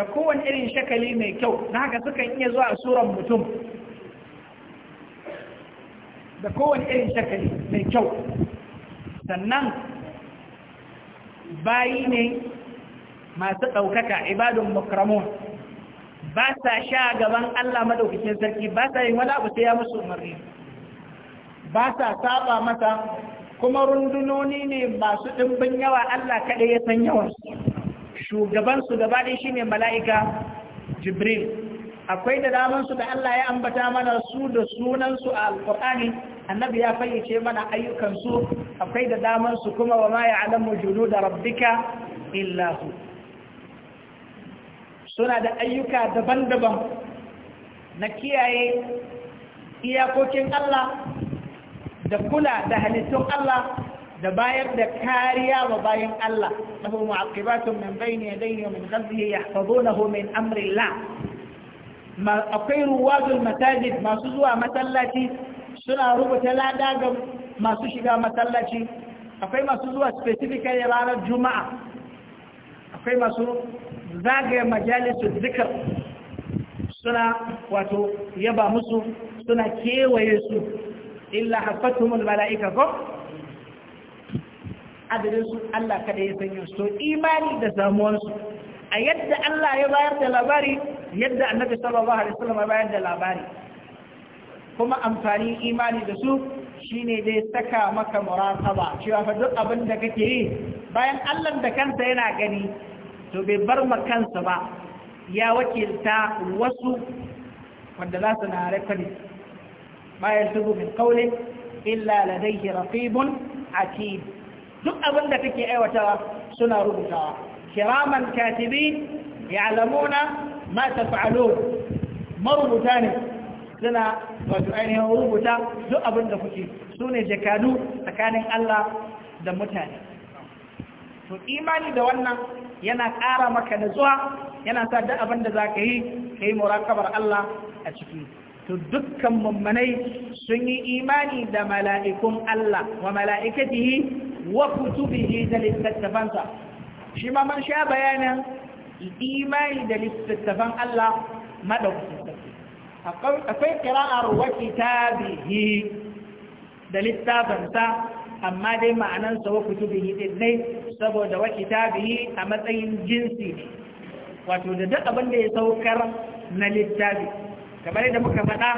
da kowane irin shakali mai kyau na haka sukan iya zuwa a suran mutum da kowane irin shakali mai kyau sannan bayi ne masu ɗaukaka ibadun mukramun ba sa sha gaban Allah maɗaukacin sarki ba sa yin wani abu sai ya musu umarni ba sa saba masa kuma rundunoni ne masu ɗimbin yawa Allah kaɗai ya san yawan su gaba ɗaya shine mala'ika Jibril akwai da daman su da Allah ya ambata mana su da sunansu a alƙur'ani annabi ya fayyace mana ayyukan su akwai da daman su kuma wa ma ya'lamu da rabbika illa hu suna da ayyuka daban-daban na kiyaye iyakokin Allah da kula da halittun Allah da bayar da kariya wa bayan Allah Na lahu mu'aqibatun min bayni yadayhi wa min khalfihi yahfazunahu min amri Allah ma akwai ruwazul masajid masu zuwa masallaci suna rubuta lada ga masu shiga masallaci akwai masu zuwa specifically ranar juma'a akwai masu zagaye majalisun zikar suna wato yaba musu suna kewaye su illa hafatumul mala'ika ko adadin Allah kada ya sanya so imani da samuwansu a yadda Allah ya bayar da labari yadda annabi sallallahu alaihi wasallam ya bayar da labari kuma amfani imani da su shine dai saka maka muraqaba cewa fa duk abin da kake yi bayan Allah da kansa yana gani to bai bar ma kansa ba ya wakilta wasu wadda za su na rekodi bayan su min kaule illa ladaihi raqibun atid duk abin da kake aiwatawa suna rubutawa kiraman katibin ya'lamuna ma taf'alun marubuta ne suna wato ainihin rubuta duk abin da kuke sune jakadu tsakanin Allah da mutane to imani da wannan yana ƙara maka nutsuwa yana sa duk abin da za ka yi ka yi murakabar Allah a ciki to dukkan mummunai sun yi imani da mala'ikun Allah wa mala'ikatihi wa kutubihi da littattafansa shi ma man sha bayanin imani da littattafan Allah madaukakin akwai kira ƙira'ar wa kitabihi da littafansa amma dai ma'anansa wa da yi ne saboda wa kitabihi a matsayin jinsi wato da duk abin da ya saukar na littafi kamar yadda muka faɗa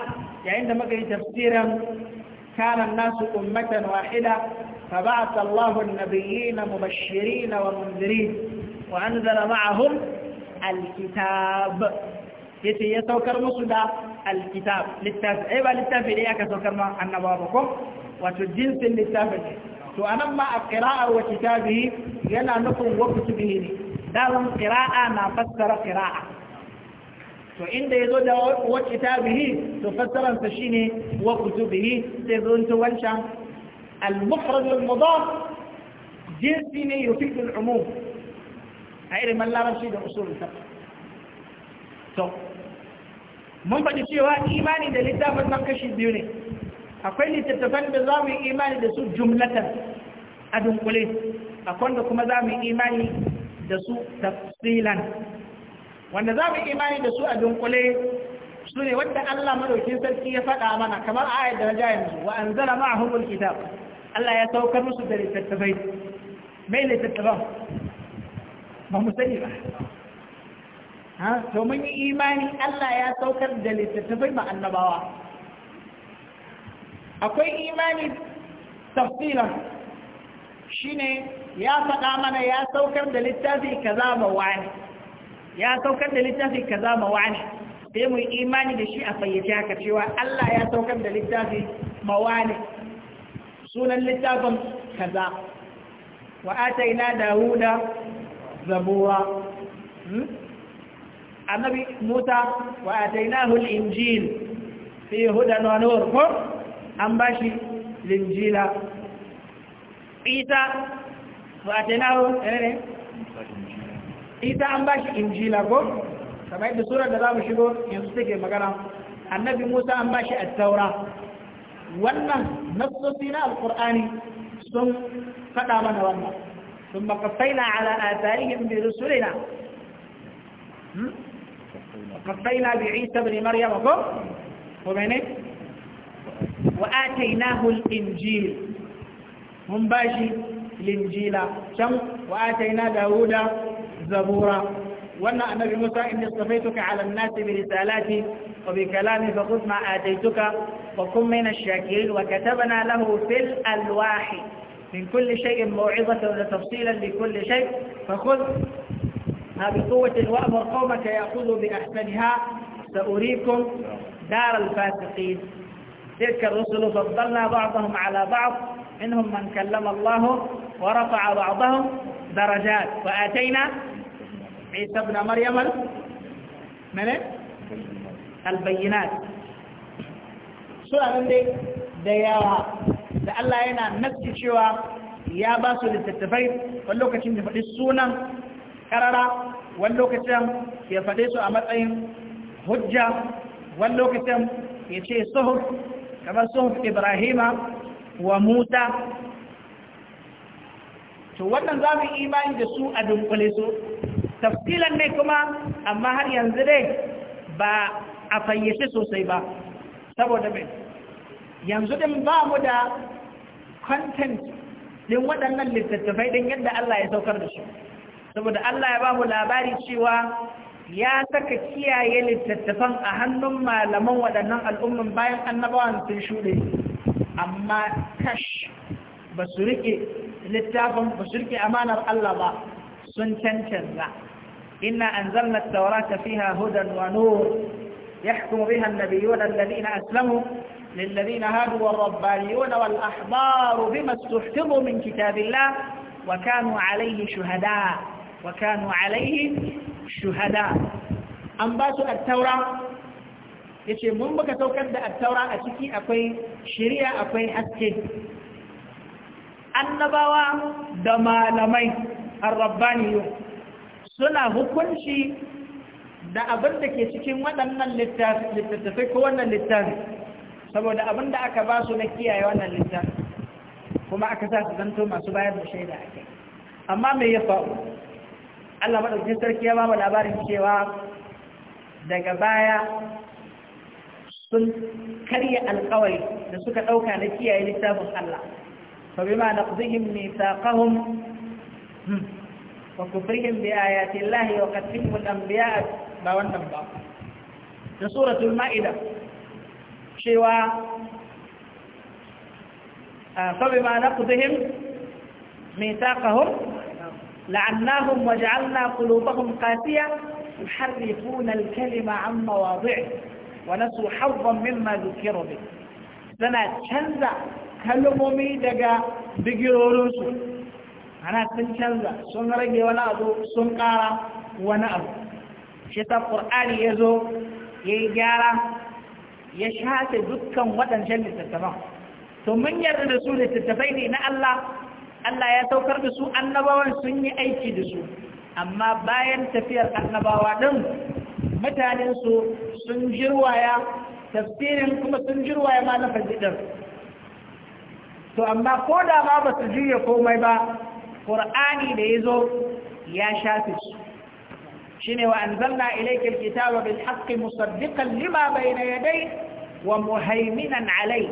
yayin da muka yi tafsirin kanan nasu ummatan wahida فبعث الله النبيين wa ومنذرين وأنزل معهم الكتاب yace ya saukar musu da alkitab littafi ai ba littafi da aka saukar ma annabawa ba ko wato jinsin littafin to anan ma a qira'ar wa kitabihi yana nufin wa kutubihi ne dalan qira'a na fassara qira'a to inda yazo da wa kitabihi to fassaran sa shine wa kutubihi sai zo to wancan al-mufrad al-mudaf jinsi ne yufidu al-umum a ilimin shi da usul fiqh to mun faɗi cewa imani da littafin nan kashi biyu ne akwai littattafan da za mu yi imani da su jumlatar a dunkule akwai da kuma za mu yi imani da su tafsilan wanda za mu yi imani da su a dunkule su ne wadda Allah madaukin sarki ya faɗa mana kamar ayat da na ja yanzu wa an zara ma'ahumul kitab Allah ya saukar musu da littattafai mai littattafan ba mu sani ba ha to mun yi imani Allah ya saukar da littattafai ma annabawa akwai imani tafsila shine ya faɗa mana ya saukar da littafi kaza ma wani ya saukar da littafi kaza ma wani sai mu imani da shi a fayyace haka cewa Allah ya saukar da littafi ma wani sunan littafin kaza wa ataina dawuda zabura hmm? annabi musa wa atainahu al-injil fi hudan wa nur an ba shi linjila isa fatinahu ne eh, eh. isa an ba shi injila ko kamar yadda surar da za mu shigo yanzu take magana annabi musa an ba shi taura wannan nassosi na alkur'ani sun faɗa mana wannan sun makafaina ala a tarihin bi rusulina makafaina hmm? bi isa bin maryam ko ko mene وآتيناه الإنجيل من باشي الإنجيل شم وآتينا داود زبورا وانا النبي موسى إني اصطفيتك على الناس برسالاتي وبكلامي فخذ ما آتيتك وكن من الشاكرين وكتبنا له في الألواح من كل شيء موعظة وتفصيلا لكل شيء فخذ بقوة وأمر قومك يأخذوا بأحسنها سأريكم دار الفاسقين تلك الرسل فضلنا بعضهم على بعض منهم من كلم الله ورفع بعضهم درجات وآتينا عيسى بن مريم من البينات سؤال عندي دياها لألا هنا نفس الشواء يا باسو للتتفيد فلوك شين يفضي السونة كررة ولوك شين يفضي سؤال مطعين حجة ولوك شين يشيه صهر kamar sun ibrahima wa musa to wannan za mu imani da su a dunkule su tafsilan ne kuma amma har yanzu dai ba a fayyace sosai ba saboda mai yanzu din ba mu da content din waɗannan littattafai din yadda Allah ya saukar da shi saboda Allah ya ba mu labari cewa ya saka kiyaye littattafan a hannun malaman waɗannan al'umman bayan annabawan sun shuɗe amma kash ba su riƙe littafin ba su riƙe amanar Allah ba sun cancanza inna anzalna at-taurata fiha hudan wa nur yahkumu biha an-nabiyyuna alladhina aslamu للذين هادوا والربانيون والأحبار بما استحفظوا من كتاب الله وكانوا عليه شهداء وكانوا عليه shuhada an ba su attaura ya ce mun baka saukar da attaura a ciki akwai shirya akwai haske annabawa da malamai arrabbaniyu suna hukunci da abin da ke cikin waɗannan littattafai ko wannan littafi saboda abin da aka ba su na kiyaye wannan littafi kuma aka sa su zanto masu bayar da shaida a amma mai ya faru Allah madaukakin sarki ya mu labarin cewa daga baya sun karya alkawari da suka ɗauka na kiyaye littafin Allah fa bima mai mithaqahum hmm, wa biya ya ce Allah wa qatlihim al-anbiya ba wannan ba da suratul ma'ida cewa ah, fa bima mai mithaqahum لعناهم وجعلنا قلوبهم قاسية يحرفون الكلمة عن مواضعه ونسوا حظا مما ذكروا به سنة شنزة كلمومي دقا بقرورنسو أنا سن شنزة سن رجي ولا أبو سن قارة ولا أبو شتا القرآن يزو يجارة يشهات دكا ودن جنة التمام ثم من يرد رسول التتفين إن الله Allah ya saukar da su annabawan sun yi aiki da su amma bayan tafiyar annabawa ɗin mutanensu sun jirwaya tafsirin kuma sun jirwaya ma na fajidar to amma ko da ma ba su juya komai ba ƙur'ani da ya zo ya shafi su shi ne wa an zanna ilaikar bil haƙƙi musaddiƙan lima bai na yadai wa muhaiminan alai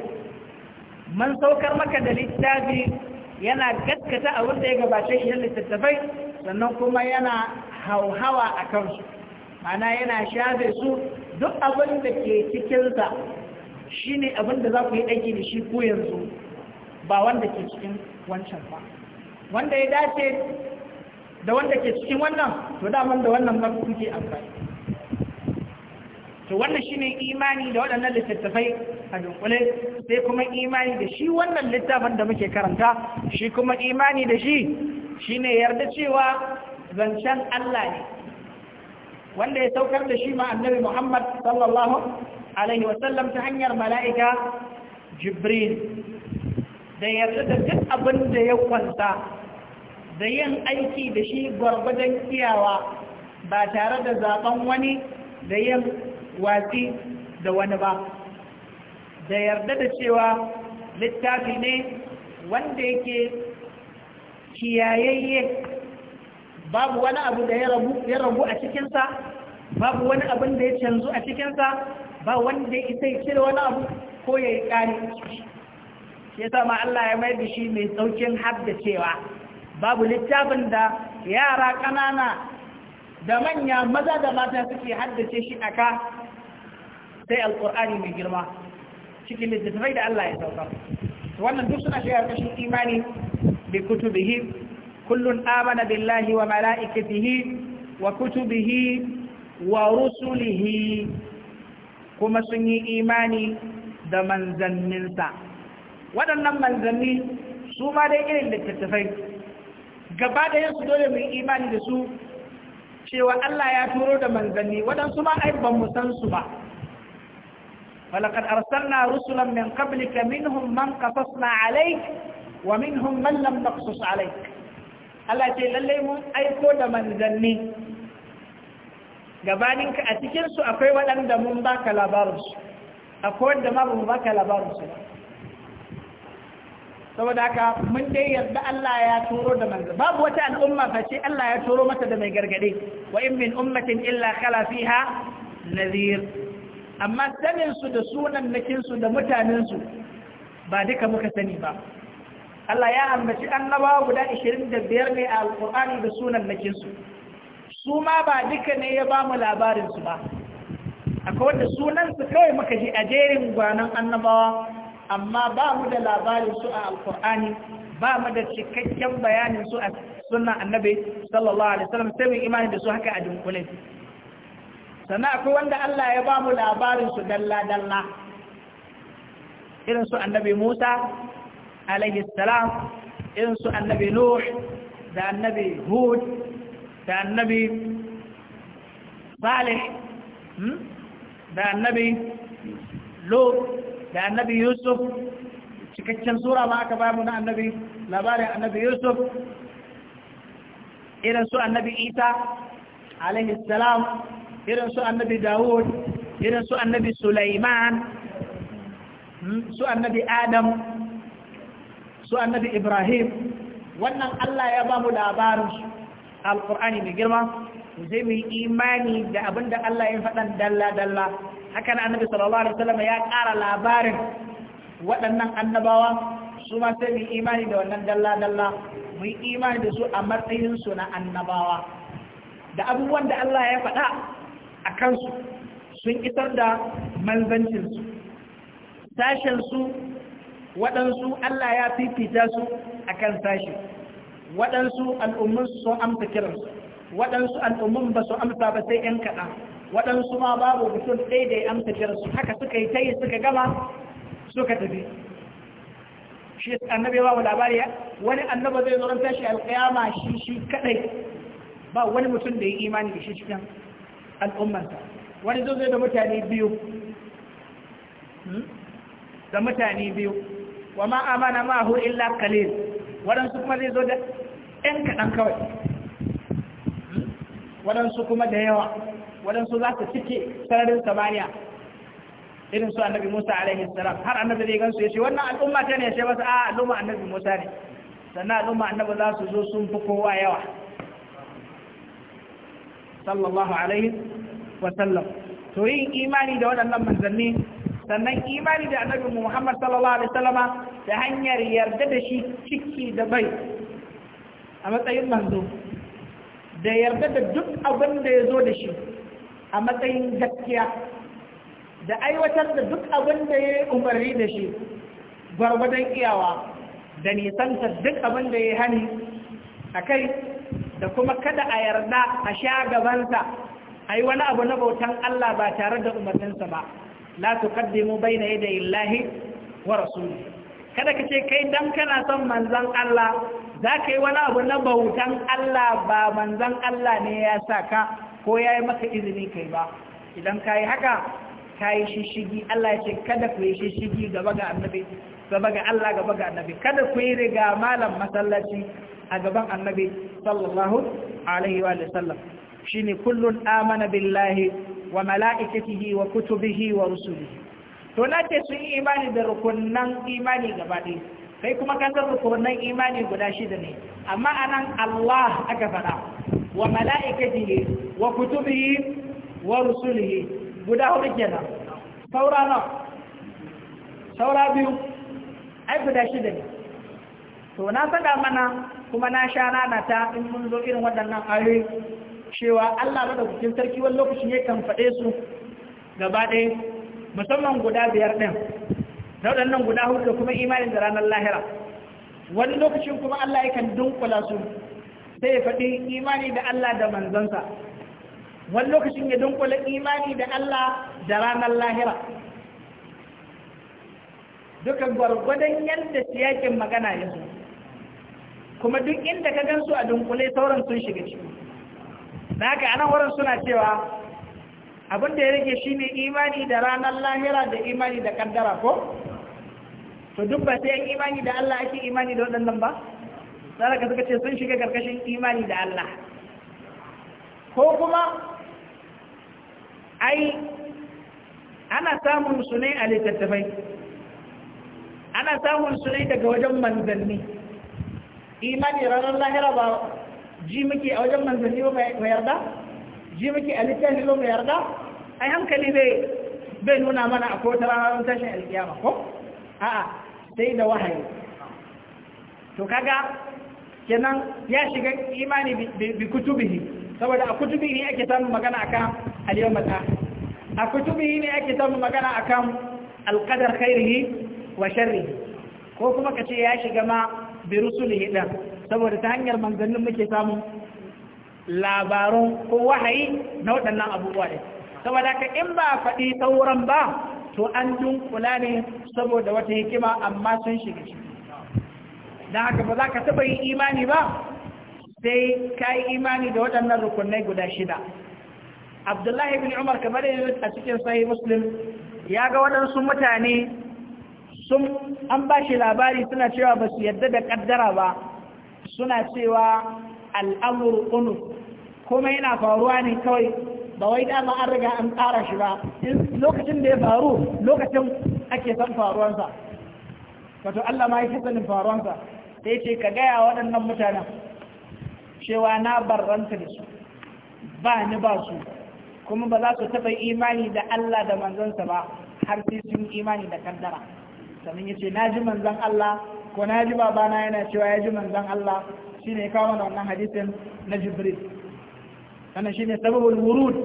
man saukar maka da littafi yana gaskata abin da ya gabace shi na littattafai sannan kuma yana hauhawa a kansu mana yana shafe su duk abin da ke cikinsa shi ne abin da za ku yi aiki da shi ko yanzu ba wanda ke cikin wancan ba wanda ya dace da wanda ke cikin wannan to daman da wannan ba kuke amfani to wannan ne imani da waɗannan littattafai a dunkule sai kuma imani da shi wannan littafin da muke karanta shi kuma imani da shi ne yarda cewa zancen Allah ne wanda ya saukar da shi ma annabi Muhammad sallallahu alaihi wasallam ta hanyar mala'ika Jibril da yarda da duk abin da ya kwanta da yin aiki da shi gwargwadon kiyawa ba tare da zaben wani da yin watsi da wani ba da yarda da cewa littafi ne wanda yake kiyayayye babu wani abu da ya rabu a cikinsa babu wani abin da ya canzu a cikinsa ba wanda ya isai cire wani abu ko ya yi ƙari ya sama Allah ya mai da shi mai saukin haddacewa babu littafin da yara ƙanana da manya maza da mata suke haddace shi a sai alkur'ani mai girma cikin littattafai da Allah ya sauka wannan duk suna shiga kashin imani bi kutubihi kullun amana billahi wa mala'ikatihi wa kutubihi wa rusulihi kuma sun yi imani da manzanninsa waɗannan manzanni su ma dai irin littattafai gaba da yansu dole mai imani da su cewa Allah ya turo da manzanni waɗansu ma ai ban mu san su ba ولقد أرسلنا رسلا من قبلك منهم من قصصنا عليك ومنهم من لم نقصص عليك Allah ce lallai mun aiko da manzanni gabaninka a cikinsu akwai waɗanda mun ba baka labarinsu akwai wanda ma mun ba baka labarinsu saboda haka mun dai yarda Allah ya turo da manzanni babu wata al'umma face Allah ya turo mata da mai gargade wa in min ummatin illa khala fiha nadhir amma saninsu da sunannakinsu da mutanensu ba duka muka sani ba Allah ya ambaci annabawa guda 25 ne a alkur'ani da sunannakinsu su ma ba duka ne ya ba mu labarinsu ba akwai wanda sunansu kawai muka ji a jerin gwanon annabawa amma ba mu da labarinsu a alkur'ani ba mu da cikakken bayaninsu a sunan annabi sallallahu alaihi wasallam sai mu imani da su haka a dunkule sannan akwai wanda Allah ya ba mu labarin su dalla-dalla irin su annabi Musa alaihi salam irin su annabi Nuh da annabi Hud da annabi Salih hmm? da annabi Lut da annabi Yusuf cikakken sura ma aka ba mu na annabi labarin annabi Yusuf irin su annabi Isa alaihi salam irin su annabi dawud irin su annabi sulaiman hmm, su annabi adam su annabi ibrahim wannan allah ya ba mu su alkur'ani mai girma zai mu imani da abin da allah ya faɗan dalla-dalla haka na annabi sallallahu alaihi wasallam ya ƙara labarin waɗannan annabawa su ma sai mu imani da wannan dalla-dalla mu imani da su a matsayinsu na annabawa da abubuwan da allah ya faɗa a kansu sun isar da manzancinsu sashensu waɗansu Allah ya fifita su a kan sashi waɗansu al'ummin sun amsa kiransu waɗansu al'ummin ba su amsa ba sai ‘yan kaɗa waɗansu ma babu mutum ɗaya da ya amsa kiransu haka suka yi ta yi suka gama suka tafi shi annabi ba labari wani annaba zai zo ran tashi alƙiyama shi shi kaɗai ba wani mutum da ya imani da shi cikin al'ummansa wani zo zai da mutane biyu hmm? da mutane biyu wa ma amana ma'ahu illa qalil waɗansu kuma zai zo da ɗan kaɗan kawai hmm? waɗansu kuma da yawa waɗansu za su cike sararin samaniya irin su annabi musa alaihi salam har annabi zai gansu ya ce wannan al'umma ta ne ya ce masa a al'umma annabi musa ne sannan al'umma annabi za su zo sun fi kowa yawa sallallahu alaihi wasallam to yin imani da waɗannan manzanni sannan imani da annabi Muhammad sallallahu alaihi wasallama da hanyar yarda da shi ciki da bai a matsayin manzo da yarda da duk abin da ya zo da shi a matsayin gaskiya da aiwatar da duk abin da ya umarni da shi gwargwadon iyawa da nisantar duk abin da ya hani a kai da kuma kada a yarda a sha gabansa a yi wani abu na bautan Allah ba tare da umarninsa ba la na yi da illahi wa rasuli kada ka ce kai dan kana son manzan Allah za ka yi wani abu na bautan Allah ba manzan Allah ne ya ka ko ya yi maka izini kai ba idan ka yi haka ka yi shishigi Allah ya ce kada ku yi shishigi gaba ga annabi gaba ga Allah gaba ga annabi kada ku yi riga malam masallaci a gaban annabi sallallahu alaihi wa sallam shine kullum amana billahi wa mala'ikatihi wa kutubihi wa rusulihi to na ce sun yi imani da rukunan imani gaba kai kuma kan rukunan imani guda shida ne amma a nan Allah aka faɗa wa mala'ikatihi wa kutubihi wa rusulihi guda hudu kenan saura na saura biyu ai guda shida ne to na faɗa mana kuma na sha rana ta in mun zo irin waɗannan ayoyi cewa Allah da madaukakin sarki wani lokaci ne kan faɗe su gaba ɗaya musamman guda biyar ɗin da waɗannan guda hudu da kuma imanin da ranar lahira wani lokacin kuma Allah ya kan dunkula su sai ya faɗi imani da Allah da manzansa wani lokacin ya dunkula imani da Allah da ranar lahira duka gwargwadon yadda siyakin magana ya zo kuma duk inda ka gansu a dunkule sauran sun shiga ciki da haka anan wurin suna cewa abin da ya rage shi ne imani da ranar lahira da imani da kaddara ko? to duk ba sai imani da Allah ake imani da waɗannan ba? ka suka ce sun shiga karkashin imani da Allah ko kuma ai ana samun su ne a littattafai ana samun su ne daga wajen manzanni imani ranar lahira ba ji muke a wajen manzanni ba mai yarda ji muke a littafi ba mai yarda ai hankali bai nuna mana a kowace ranar tashin alkiyama ko a'a sai da wahayi to kaga kenan ya shiga imani bi kutubihi saboda a kutubihi ake samun magana akan al-yawmal akhir a kutubihi ne ake samun magana akan al-qadar khairihi wa sharrihi ko kuma kace ya shiga ma bi rusulihi da saboda ta hanyar manzannin muke samun labarun ko wahayi na waɗannan abubuwa ne saboda ka in ba faɗi sauran ba to an dunkula ne saboda wata hikima amma sun shiga ciki don haka ba za ka taɓa yi imani ba sai ka yi imani da waɗannan rukunai guda shida abdullahi bin umar kamar yanzu a cikin sahih muslim ya ga waɗansu mutane sun an ba shi labari suna cewa ba su yadda da kaddara ba suna cewa al'amur unu kuma yana faruwa ne kawai ba wai dama an riga an tsara shi ba lokacin da ya faru lokacin ake san faruwansa wato Allah ma ya sanin faruwansa sai ce ka gaya waɗannan mutanen cewa na barranta da su ba ni ba su kuma ba za su taɓa imani da Allah da manzansa ba har sai sun imani da kaddara sannan ya ce na ji manzan Allah ko na ji babana yana cewa ya ji manzan Allah shi ne kawo da wannan hadisin na jibril sannan shi ne sababin wurud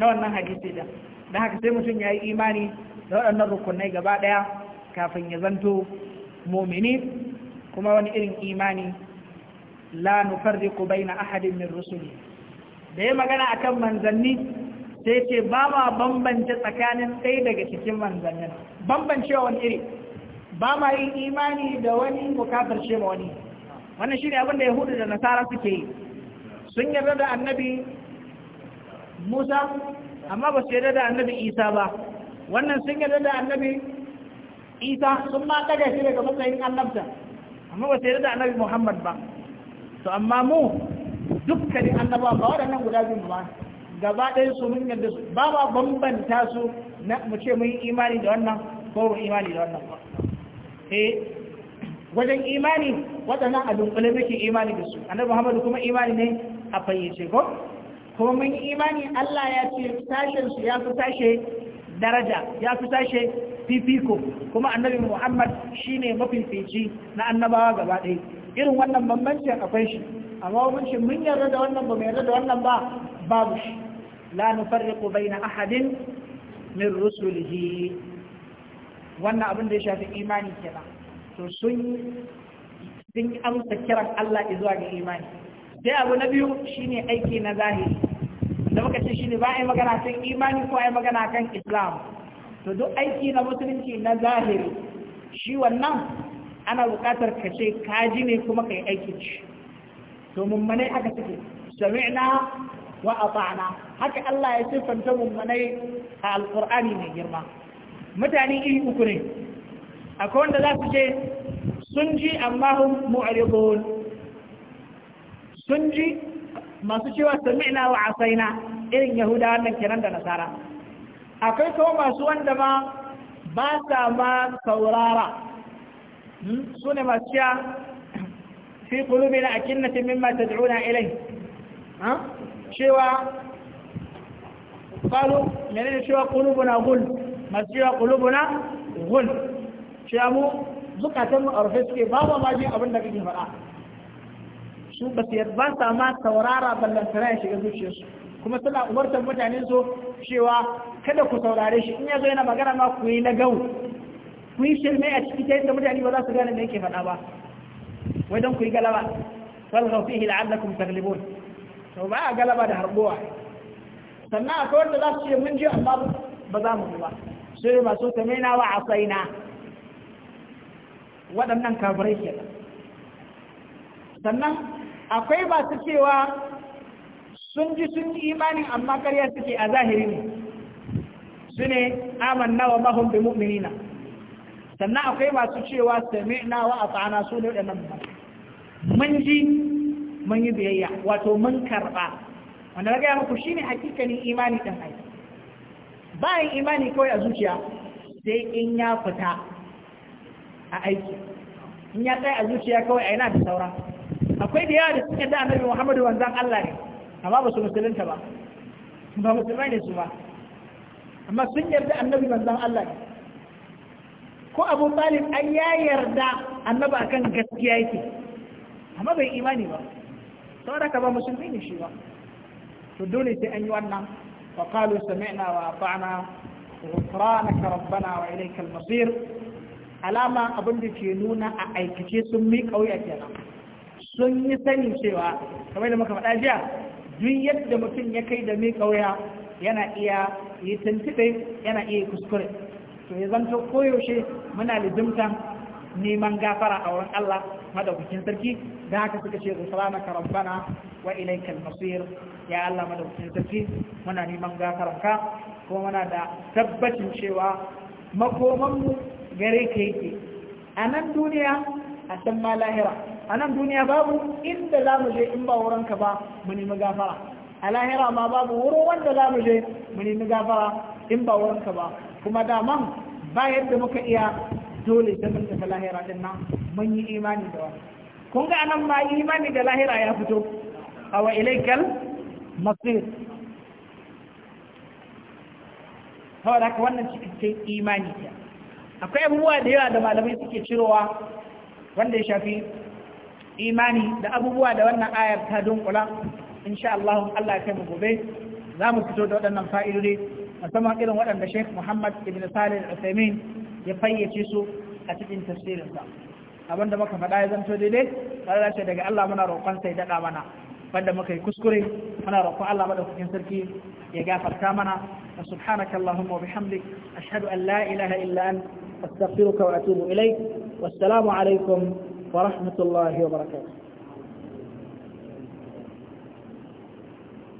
na wannan hadisi da don haka sai mutum ya yi imani da waɗannan rukunai gaba ɗaya kafin ya zanto mumini kuma wani irin imani la ku baina ahadin min rusuli da ya magana akan manzanni sai ce ba ma bambance tsakanin ɗaya daga cikin manzannin bambancewa wani iri ba ma yin imani da wani bukatar ce ma wani wannan shi ne abin da yahudu da nasara suke yi sun yarda da annabi musa amma ba su yarda da annabi isa ba wannan sun yarda da annabi isa sun ma daga shi daga matsayin annabta amma ba su yarda da annabi muhammad ba to amma mu dukkanin annabawa ba waɗannan guda biyu ba gaba ɗaya su mun yarda su ba ma bambanta su na mu ce mun yi imani da wannan ko imani da wannan ba wajen imani waɗannan a dunkule muke imani da su annabi Muhammad kuma imani ne a fayyace ko kuma mun yi imani Allah ya ce tashin su ya fi sashe daraja ya fi sashe fifiko kuma annabi Muhammad shine mafifici na annabawa gaba ɗaya irin wannan bambancin akwai shi amma mun ce mun yarda da wannan ba mu yarda da wannan ba babu shi la nufarriqu bayna ahadin min rusulihi wannan abin da ya shafi imani kenan to sun sun amsa kiran Allah zuwa ga imani sai abu na biyu shine aiki na zahiri da muka ce shine ba a yi magana kan imani ko a yi magana kan islam to duk aiki na musulunci na zahiri shi wannan ana buƙatar ka ce kaji ne kuma ka yi aikin shi to mummanai haka suke sami'na wa ata'na haka Allah ya siffanta mummanai a alqur'ani mai girma mutane iri uku ne akwai wanda za su ce sun ji amma hun mu'aribun sun ji masu cewa sami'na wa asaina irin yahuda wannan kenan da nasara akwai kuma masu wanda ma ba sa ma saurara hmm? su ne masu cewa fi kulubina a kinnatin mimma ta da'una ilai cewa قالوا cewa kulubu na غل masu yawa kulubuna gun cewa mu zukatan mu a rufe suke ba ma maji abin da kake faɗa su ba su yarda sa ma saurara ballantana ya shiga zuciyarsu kuma suna umartar mutane su cewa kada ku saurare shi in ya zo yana magana ma ku yi na gau ku yi shirme a ciki ta yadda mutane ba za su gane me yake faɗa ba wai don ku yi galaba walghaw fihi la'allakum taglibun to ba a galaba da harbuwa sannan akwai wanda za su ce mun ji amma ba za mu ba sai masu tamina wa asaina waɗannan kafirai ke sannan akwai masu cewa sun ji sun yi imanin amma karya suke a zahiri ne su ne amanna wa mahun bi mu'minina sannan akwai masu cewa sami'na wa ata'ana su ne waɗannan mun ji mun yi biyayya wato mun karɓa wanda na gaya muku shine hakikanin imani ɗin aiki bayan imani kawai a zuciya sai in ya fita a aiki in ya tsaye a zuciya kawai a yana da saura akwai da yawa da suka da annabi muhammadu wanzan allah ne amma ba su musulunta ba ba musulmai ne su ba amma sun yarda annabi wanzan allah ne ko abu talib an ya yarda annabi akan gaskiya yake amma bai imani ba saboda ka ba musulmi ne shi ba to dole sai an yi wannan فقالوا سمعنا وأطعنا غفرانك ربنا وإليك المصير alama abin da ke nuna a aikace sun mi ƙauya kenan sun yi sani cewa kamar da muka faɗa jiya duk yadda mutum ya kai da mi ƙauya yana iya yi tuntube yana iya kuskure to ya zanto koyaushe muna lizimtan neman gafara a wurin Allah madaukakin sarki da haka suka ce ghufranaka rabbana wa ilaykal masir ya Allah madaukakin sarki muna neman gafaranka kuma muna da tabbacin cewa makoman mu gare ka yake a nan duniya a san ma lahira a nan duniya babu inda za mu je in ba wurinka ba mu nemi gafara a lahira ma babu wurin wanda za mu je mu nemi gafara in ba wurinka ba kuma daman ba yadda muka iya dole ta mun ta lahira din nan mun yi imani da wani kun ga anan ma imani da lahira ya fito awa ilaikal masir da haka wannan cikakken imani ta akwai abubuwa da yawa da malamai suke cirowa wanda ya shafi imani da abubuwa da wannan ayar ta dunkula insha Allah Allah ya kai mu gobe za mu fito da waɗannan fa'idodi musamman irin waɗanda Sheikh Muhammad Ibn Salih Al-Uthaymeen ya fayyace su a cikin tafsirinsa abin da muka faɗa ya zanto daidai Allah ce daga Allah muna roƙon sai daɗa mana banda muka yi kuskure muna roƙon Allah madaukakin sarki ya gafarta mana wa subhanaka allahumma wa bihamdik ashhadu an la ilaha illa an astaghfiruka wa atubu ilaik wassalamu alaikum wa rahmatullahi wa barakatuh